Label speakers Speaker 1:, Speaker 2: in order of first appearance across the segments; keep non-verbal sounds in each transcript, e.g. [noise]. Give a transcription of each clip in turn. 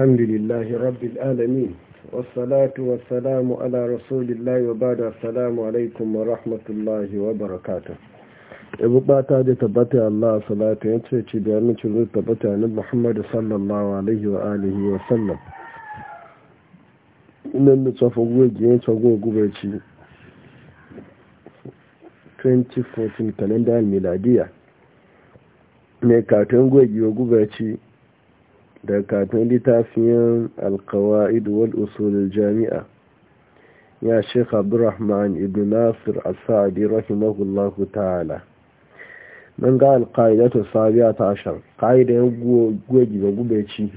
Speaker 1: الحمد لله رب العالمين والصلاة والسلام على رسول الله وبعد السلام عليكم ورحمة الله وبركاته ibu bata da tabbata Allah salatu ya ce ci da yammacin zai tabbata na Muhammadu sallallahu alaihi wa alihi wa sallam nan da tsofa gogi ya tsogo gube ci 2014 kalendar miladiya mai katon gogi wa gube ci da katon littafin alkawa'id wal usulul jami'a ya sheikh abdurrahman ibn nasir as rahimahullahu ta'ala Mun ga alqaidatu sabiya ta ashar qaida gogi ga gubeci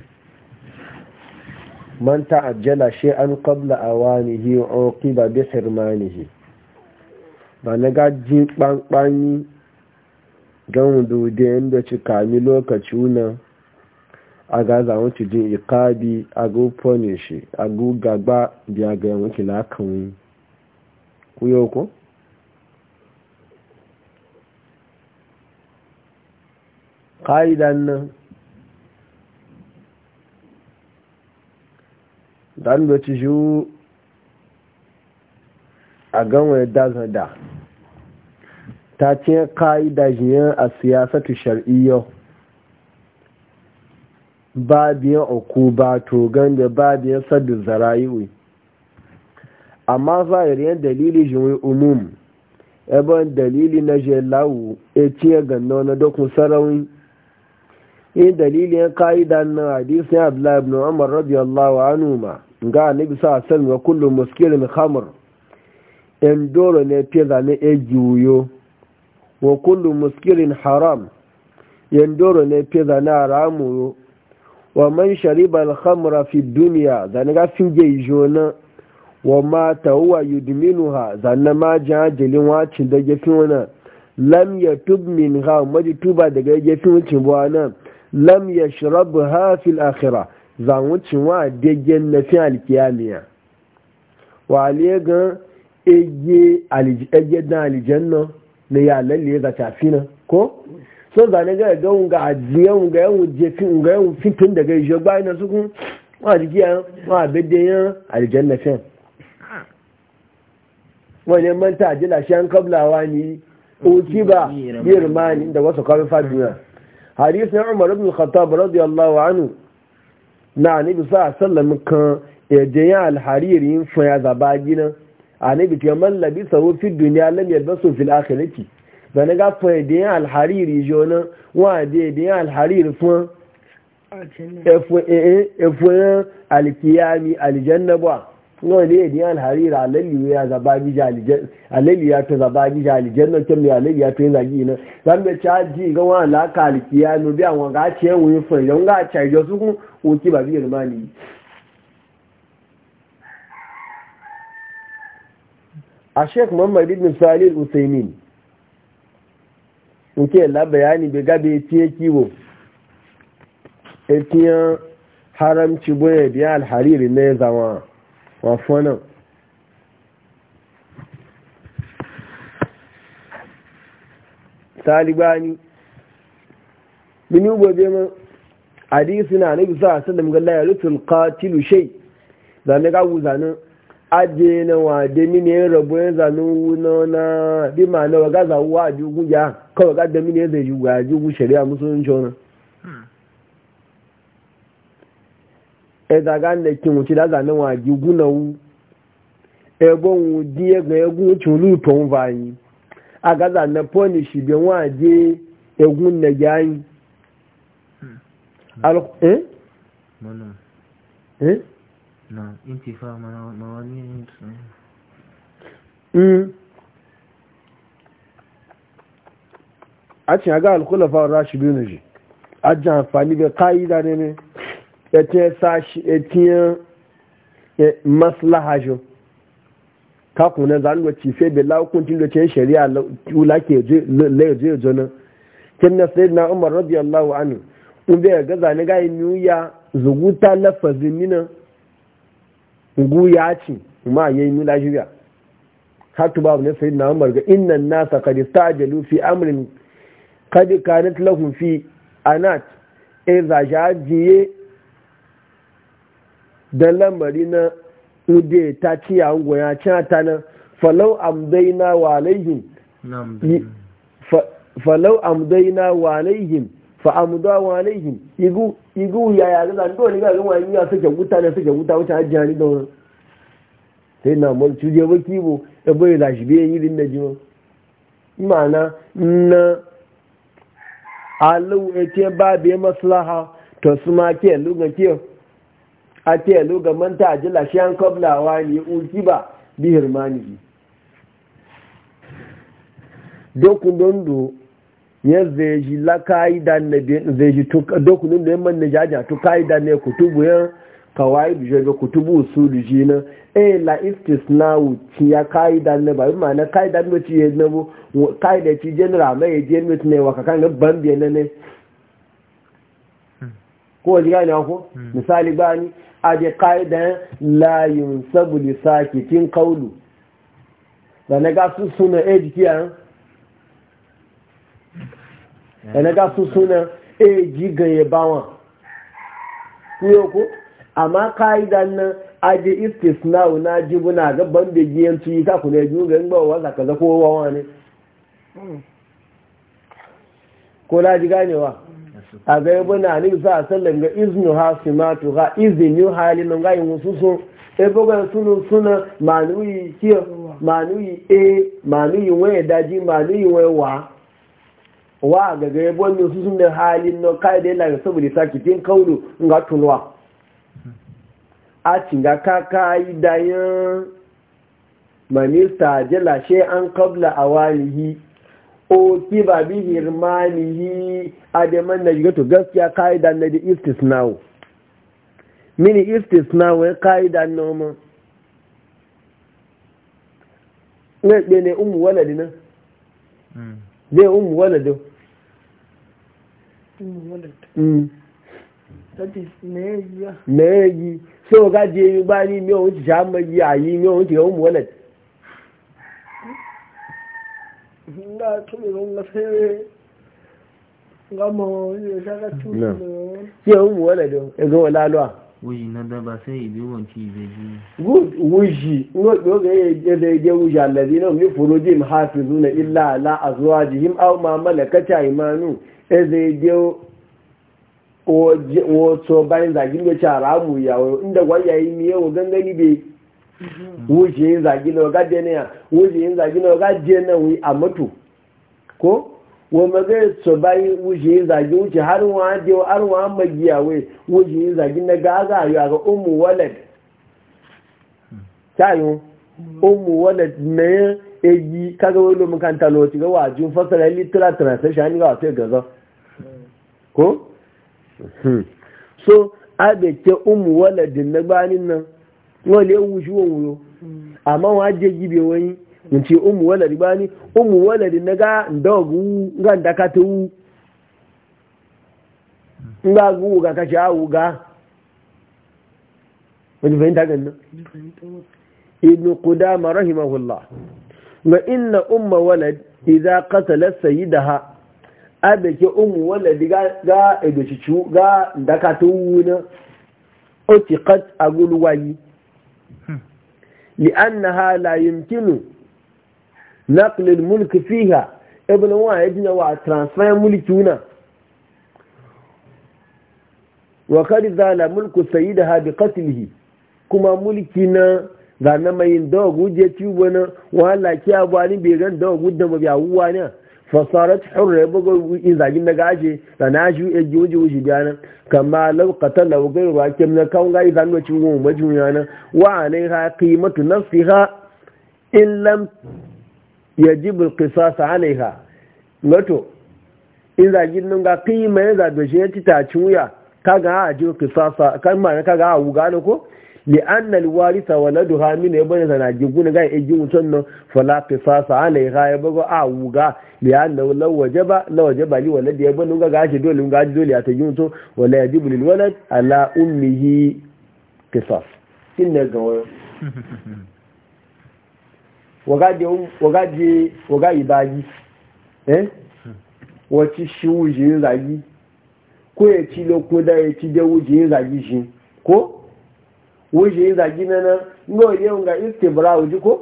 Speaker 1: man ta'ajjala shay'an qabla awanihi uqiba bi hirmanihi ba na gaji pankpani gan wudu da ci kami lokaci aga za wọn ti jin ikabi ago punish ago gagba bi aga wọn ki la kan wọn ku yo ko kaidan nan dan da ci ju a ganwa da zada ta ce ka'ida jiyan a siyasatu shar'iyyar babiyan uku ba to ganda babiyan sabbin zara'iwi amma zahiriyan dalili jiwai umum ebon dalili na jelawu e ciye ganda na dokun sarauni in dalilin ka'ida na hadisin abdullahi ibn umar radiyallahu anhu ma ga annabi sa san wa kullu muskirin khamr in doro ne peza ne e juyo wa kullu muskirin haram en doro ne peza na haramu wa man shariba al-khamra fi dunya zan ga finge jona wa ma tawwa yudminuha zan ma jajilin wacin da gefin wana lam yatub min ha tuba daga gefin wucin bwana lam yashrabha fil akhirah zan wucin wa degen na fi al-qiyamiya wa aliga ege aljanna ne ya lalle za fina ko so zane ga ga ga ajiyan ga yan jefin ga yan fitin daga ishe bayan na sukun wa jiki yan wa ya yan na fin wani manta ajila shi an kablawa ni oki ba birmani da wasu kawai fadina hadis na umar ibn khattab radiyallahu anhu na anibi sa sallam kan ya alhariri yin fa ya zaba gina anibi ke man labisa fi duniya lam yalbasu fil akhirati zane ga fún ẹ̀dẹ̀ alhariri jọ náà wọ́n àdé ẹ̀dẹ̀ alhariri fún ẹ̀fún e e, e, alkiyami aljannabwa wọ́n lè ẹ̀dẹ̀ alhariri alẹ́lìyà tó zabagija aljanna kẹmù alẹ́lìyà tó ń zagi na zambẹ̀ tí a jí ga wọ́n alaka alkiyami bí àwọn ga ṣe wọ́n fún ẹ̀yọ́ ń ga ṣe ìjọ sókún wọ́n ba bàbí yorùbá nìyí a shek muhammad ibn salih usaimin nke la bayani bai gabe tiye kiwo etiyan haramci baya, biya alhariri na ya zama wafonan talibani min gobe ma hadisi na nabi sa sallam galla ya rutul qatilu shay zane ga zanen. aje na wa de mini ya rabu ya zanu wuna na bi ma na waga za wa aji ugu ya ka waga da mini ya zai ji ga aji ugu shari'a musulunci wani e daga da kin wuce da na wa aji ugu na wu egbon wu di egbon egun wuce wulu ton vayi a ga na punish bi wa aje egun na yayi hmm. eh? eh?
Speaker 2: na intifa mawani ne
Speaker 1: hmm. a cin ga alkulafa rashi ji ajiyar amfani ga ka'ida ne ne etiyan e e e, maslaha jo kakun zanuwa cife bela hukuncin da ce shari'a wula ke laizu na kin na sayi na umar radiyallahu anu in bai ga zane ga yi zuguta lafazin minan ugu ya ce ma yayi nula jiya hatu babu na sayi na Umar ga innan nasa a jalu fi amurin qad kanat lahum fi anat idza e, jajiye da lambari na ude ta ciya a goya cha ta na falau amdaina wa alaihim falau amdaina wa alaihim fa amda wa alaihim igu igu ya ya ga ndo ni ga ga wani ya sake wuta ne sake wuta wuta hajiya ni don sai na mun tuje ba kibo da bai da shi bai yirin da jiwo imana na alu ke ba be maslaha to su ma ke lugan ke a ke luga manta ajila shi an kabla ni uki ba bihirmani dokun dondo ya zai ji lakayi da na zai ji dokunin da yamman na jaja to kayi da ne kutubu yan kawai da jirga kutubu su da ji na e la istis na wuci ya kayi da na ba ma na kayi da na ci ya na bu kayi da ci general mai je mutu ne wa kakan ban biya na ne hmm. ko ji hmm. gani ko misali bani a je kayi da la sabu li sakitin qawlu da na ga su suna e yana ga su suna e gigaye bawa kuyo ko amma ka'idan nan aji istisna na jibuna ga bambe giyan tuyi ka kuma yi ga ngba wa zaka za kowa wa ne ko la ji ganewa a ga yabuna ni sa sallam ga iznu hasimatu ha iznu halin ga yin susu e boga sunu suna manuyi kiyo manuyi e manuyi we daji manuyi we wa wa ga ga yabo su sun da halin no kai da yana saboda saki kin kaulu ga tunwa a cinga ka kai da yan manista jala she an qabla awalihi o ki ba bi hirmanihi a da man da gato gaskiya kai da na da istisna'u mini istisna'u ya kai da noma ne ne umu waladina zai hmm. umu waladin Mm. me yi so ga je yi ba ni mi ohun ti sha mo yi ayi mi ohun ti ohun wallet nga to mi ron na fe nga mo yi sha ga tu no o e go la lo wuyi na daba sai ibi won je illa ala eze mhm. je wato bayan zagin da cara mu yawo inda gwayayi ne yawo gangani bai wuce yin zagi na waga je na yin zagi na waga na a mutu ko wa maga so bayan wuce yin zagi wuce har wa je har wa yin zagi na gaza ya ga ummu walad tayo ummu na ya eyi kaga ko hmm. so abeke umu waladin na gbanin nan wale wushi wọn wuyo amma wa je gibe wani nce umu waladi gbani umu waladi na ga ndogu ga ndakata wu nga gu ga kashi awu ga wani fahimta ganin ibn qudama rahimahullah wa inna umma walad idza qatala sayyidaha ke umu waladi ga cicu ga ndakata wuna otiqat agulwayi hmm. li'annaha la yumkinu naql al-mulk fiha ibn wa yajna wa transfer mulki wuna wa kad zala da sayyidaha bi qatlihi kuma mulki na ga na mai dogu je ciwo na wala kiya bani bai gan dogu da ba wuwa ne fasarat hurra bugu in zagin na gaje da na ju e juji wuji biyanan kama law qatala wa ghayru hakim na kan gai zan wacin mu majuya nan wa na qimatu ha? in lam ya yajib al qisas ha? wato in zagin nan ga qima ya zabe shi ya cin wuya kaga a ji qisasa kan ma kaga a wuga ne ko Li li'anna alwarisa waladuha min yabana zana jigun ga ejin mutun nan fala qisasa alaiha ya bago a wuga li'anna law wajaba law wajaba li waladi yabana ga gashi dole ga dole ya ta jin to wala yajibu lil walad ala ummihi qisas inna ga wagaje wagaje wagayi baji eh wace shi wujin zagi ko ya ci lokuda ya ci da wujin zagi shi ko wuje yin zagi na nan nga wani yau nga iske bura wuji ko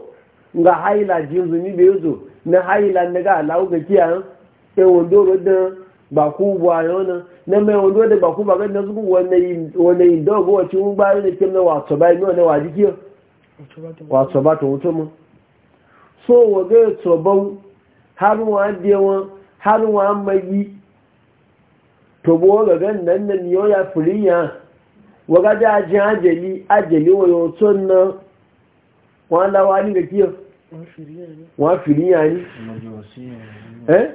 Speaker 1: nga haila jin ni bai zo na haila daga ga alawu ga kiya yan wando rodin ba ku buwa yana na mai wando da ba ku ba gan na zuku wani yin dogo wacce mun ba yana kim na wato bai nuna na waji kiya wato ba to wuce mu so wa ga ya har wa dewa har wa magi to bo ga gan nan nan yau ya furiya waga da ajin ajali ajali wa yau na wọn lawa ni ga kiyo wọn fili ya ni eh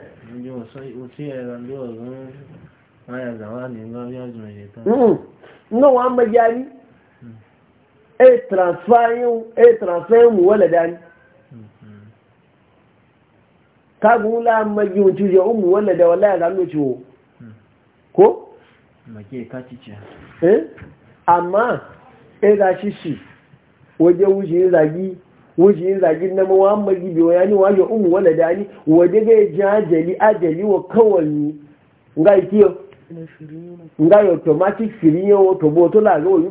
Speaker 1: nínú wọn mẹ́já ní ẹ transfer e mu wọ́lẹ̀ dání kágun ńlá mẹ́já ohun tí ó mú wọ́lẹ̀ dá wọ́lẹ̀ àdánù
Speaker 2: kó? mẹ́já ìká títí
Speaker 1: amma ila shishi waje wuce zagi wuce zagin na mawa magi biyo ya ni waje umu ya da ni waje ga jajali ajali wa kawani nga ikiyo nga yo automatic filiyan wo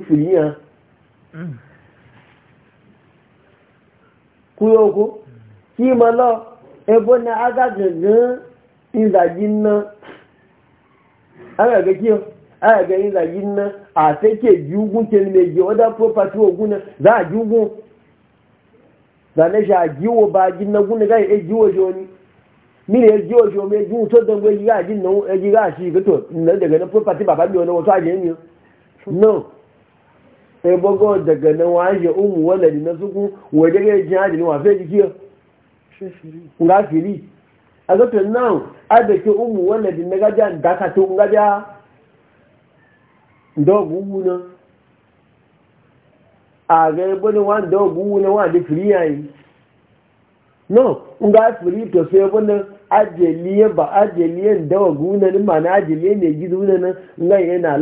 Speaker 1: aga na aya ga yin zagin nan a sai ke jugun ke mai ge wadda property ogun nan za a jugun za na sha giwo ba gin na gun ga ya giwo joni mini ya giwo jo me gun to dan gwe ga jin nan ya ga shi ga to nan daga na property baba mi wani wasu a jeni no e bogo daga na waje umu wala ni na suku waje ga jin hadi ni wa fe dikiyo nga fili a zato nan ke umu wala ni na gajiya da ka to nga ja dọ́ọ̀bù wú náà ààrẹ ẹgbẹ́ ní wọ́n dọ́ọ̀bù wú náà wọ́n àdé fìrí àyè náà ń gá fìrí ìtọ̀sí ẹgbẹ́ náà ajẹ̀líyẹ bà ajẹ̀líyẹ dọ́ọ̀bù na náà ní màá náà ajẹ̀líyẹ ní èjì wú náà ń gá ìyẹn náà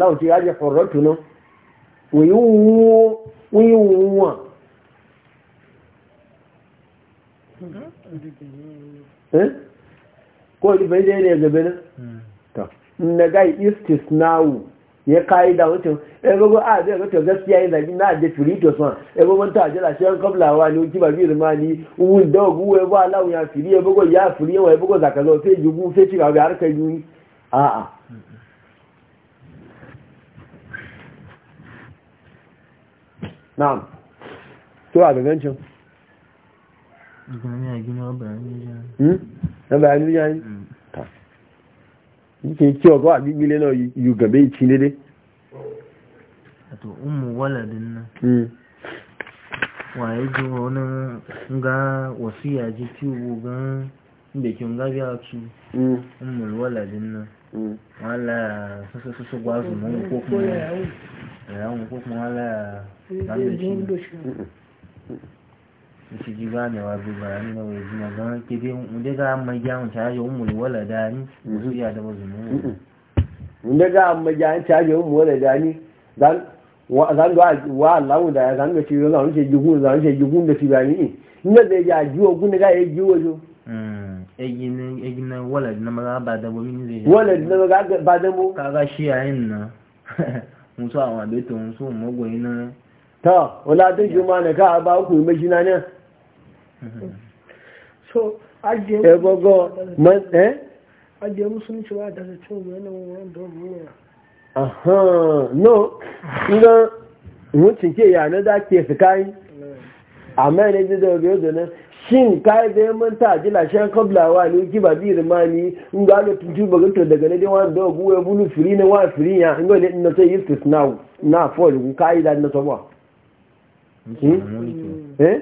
Speaker 1: na ya kayi da mutum ya gogo a ah, zai mutum gaskiya yin zabi na da firito son ya gogo ta jira shi an kabla wa ne kiba bi rumani un da gogo ya ba ya firi ya gogo ya firi ya gogo zaka zo sai jugu sai ci ga har kai yuni a a na'am to a gangancin hmm? na bayanin jani hmm. nke kiwa ga agbigile na yu gabe ci ne dai
Speaker 2: to umu waladin hmm. nan waye ji wani ga wasu yaji gan da nga biya umu wala ko kuma ya hmm. ko shi ji ganewa zuba ni na wai zuma zan ke dai mun ga amma ya mun ta yi umul walada ni zuciya da mazumu
Speaker 1: mun dai ga amma ya mun ta yi umul dan zan ga wa Allah da ya zan ga ci zan ce jigun zan ce jigun da tibani mm, e e ni zai ya jiwo gun ga ya jiwo jo
Speaker 2: egin na ba da bomin
Speaker 1: zai da kaga shi yayin na [laughs] musu a wabe to musu magoyi na ta wala tun juma ka ba ku yi majina ne so ajiye ajiye musulunci da wannan aha no nga mutum ke yana da ke su kai amma ne da da da na shin kai da manta ta jila shan kabla wa ni ki ba mani in ga lo ba daga ne wan da bu e bulu firi ne wa firi ya ngo ne no sai na for kai da na so eh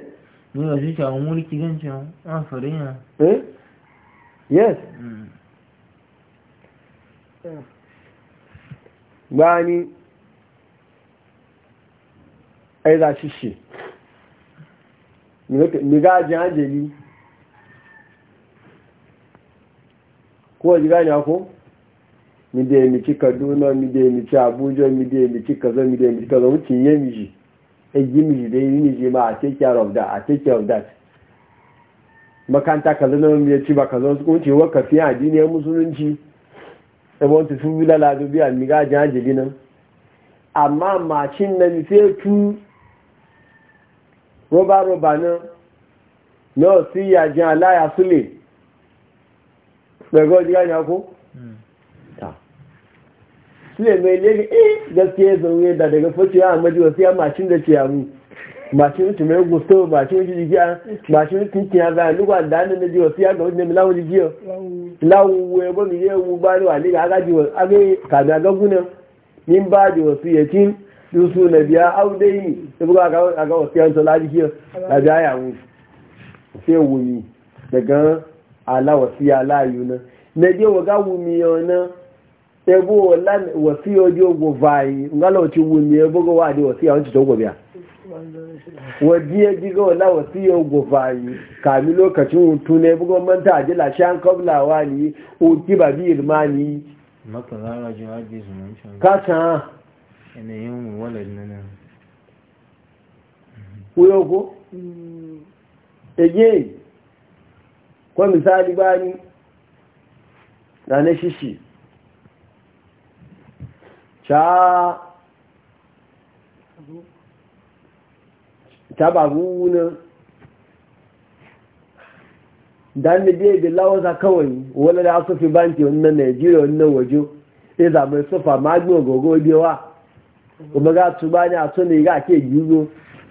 Speaker 2: nígbà tí shi àwọn múrí kìí gẹ́ǹtì wọn fẹ̀rẹ̀ yàn.
Speaker 1: eh yes gbáà ní ẹ̀dà ṣíṣe mìgájì ájèlì kó jìgá ní akó kaduna mi abuja mi dé mi ci kaza kaza wuce a gimi da yi ni ma a take care of that a take care of that makanta kaza na ya ci ba kaza su kunce wa kafi a diniyar musulunci da wanta sun wula ladobi a miga jajiri nan amma macin nan sai tu roba-roba nan na wasu yajin alaya sule daga wajen ya ko? Hmm. sule mai lega eh gaskiya zaune da daga fashewa a maji wasu ya mashin da ce yamu mashin su mai gusto mashin su jigiya mashin su kiya za a lugwa da hannun ji wasu ya ga wani nemi jigiya lawon wuya ba wu ba ni wani ga agaji wasu agai kami gagunan yin ba da wasu yakin dusu na biya au dai ni buga a ga wasu yanzu la jigiya a biya yamu sai wuni daga ala wasu ya layu na na je wa ga wumi yau na ebo lan wasiyo di ogo vai ti wuni ebo go wadi wasiya wanti to gobiya wadiye digo la wasiyo go vai kami lokacin hutu ne ebo go manta ajila shan kabla wani o ki ba bi irmani
Speaker 2: maka gara ji haji zumun
Speaker 1: shishi ta ba ruwunan dan da biya da lawasa kawai wani da asufi banki wannan nigeria wannan wajo ya zama sufa magbin ogogo biyawa kuma ga su ba ni a tuni ga ke gizo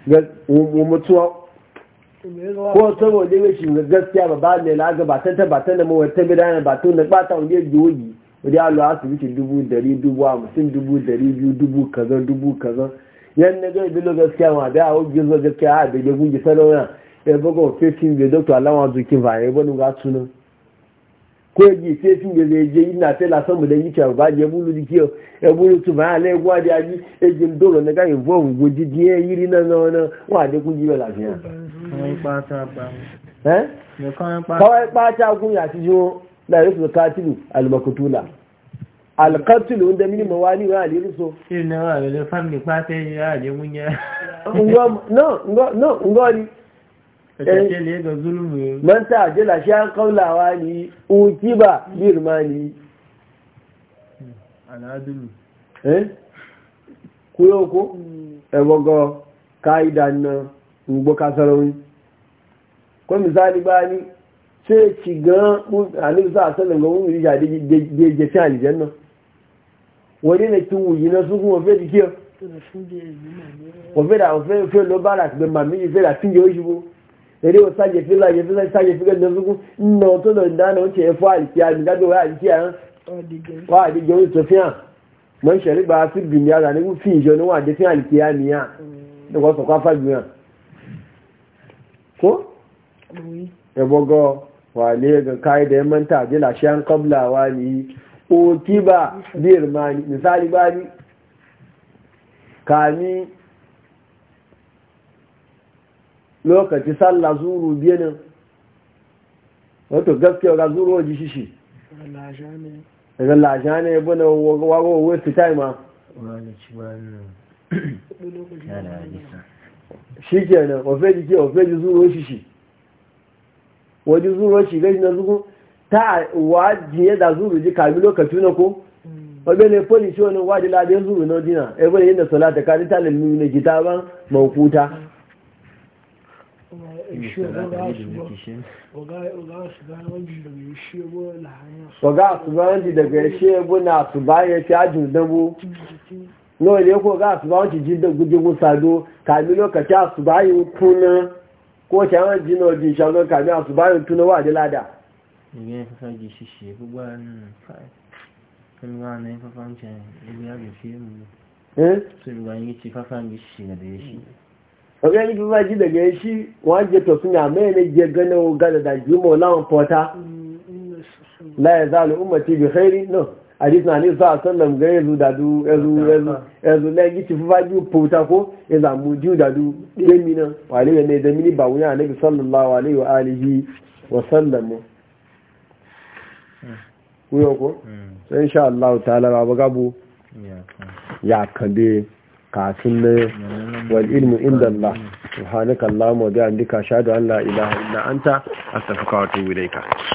Speaker 1: ga mutuwa ko saboda yawon shi gaskiya ba ba ne la'aga ba ta tabbata na mawata bidanar ba tun da ba ta wunde giwogi wajen allo asibiti dubu dari dubu hamsin dubu dari biyu dubu kaza dubu kaza yan na gai bilo gaskiya ma da awo gizo gaskiya a da gungi sarauna ya e bago fesin bai dokta alama zukin e ba ya bani ga tunan ko ya ji fesin bai zai je ina fela san mu da yi cewa ba ya bulu da kiyo ya e bulu tu ba ala ya da ji ya ji dole na gai vovu guji diya yiri na na wani wa eh? da kungi bai lafiya. kawai ɓata kun ya ci jiwo da rufe katilu almakutula alkatul wanda mini mawali wa alirin so irin na wa wale family kwata yi ya aje munya no no ngoni man ta jila shi an kaulawa ni uki ba birmani al'adulu eh kuyoko ebogo kaidan na ngbo kasarori ko misali ba ni sai ci gan sa asalin ga mun yi jadi je je ci aljanna wọ́n ní kí wù yìí náà sunkún wọ́n fẹ́ di kí ọ. wọ́n fẹ́ dà wọ́n fẹ́ fẹ́ lọ bá àtìgbẹ́ màmí yìí fẹ́ dà sí yẹ oṣù wo. eré wọn sáyẹ fi láyẹ fi láyẹ sáyẹ fi kẹ́ ẹ̀ sunkún nà tó lọ dáná oúnjẹ ẹ̀fọ́ àìsí àmì dábẹ́ wọ́n àìsí àrán. wọ́n àdìgẹ́ oúnjẹ tó fi hàn mọ́ ìṣẹ̀lẹ̀ gba sí bìnní ara nígbù fi ìjọ ni wọ́n àdé fi àìsí àmì hàn lọ́kọ̀ sọ̀kọ́ afájú hàn. kó ẹ̀bọ̀gọ́ wà lé ẹ̀gàn káyọ̀dẹ̀ mọ́ntà àdé làṣẹ́ à ń kọ́bùlà wa nìyí. oti ba biyar mani misali bari. kami lokaci sallah zuru biyanin wato gaskiya ga zuru waje shishi daga lasha ne bane wago waste time ma shi kenan ofeji ke ofeji zuru shishi waje zuru shi gaji na zuru ta wajiye da zuru ji kami lokaci na ko wabe mm. ne polisi wani waje labin zuru na dina ebe eh, yin da salata ka ta lalmi ne gita ban mawukuta waga su ba wani daga shebu na su ba ya fi ajin dabo nawa ne ko ga su ba wani ji da gudun sado kami lokaci a su ba yi kuna ko shi an ji na wajen shagon kami a su ba yi tuna waje lada
Speaker 2: ebi ẹfẹ́fẹ́ jù ne gbogbo àánú fáì ẹgbẹ́ àánú ẹfẹ́fẹ́ ń jẹ ẹgbẹ́ àgbẹ̀fẹ́ mu tó ìgbà yìí ti fáfá ya ṣì nà dẹ̀ ṣí.
Speaker 1: ọ̀gá ní fífá jí dẹ̀gẹ̀ ṣí wọ́n á jẹ tọ̀sùn ní àmẹ́rin jẹ gánà ó gánà kuyo ko mm. sai insha Allah ta'ala ba gabu ya kabe kafin ne wal ilmu inda Allah subhanaka Allahumma allah bihamdika ashhadu an la ilaha illa anta astaghfiruka wa atubu ilayka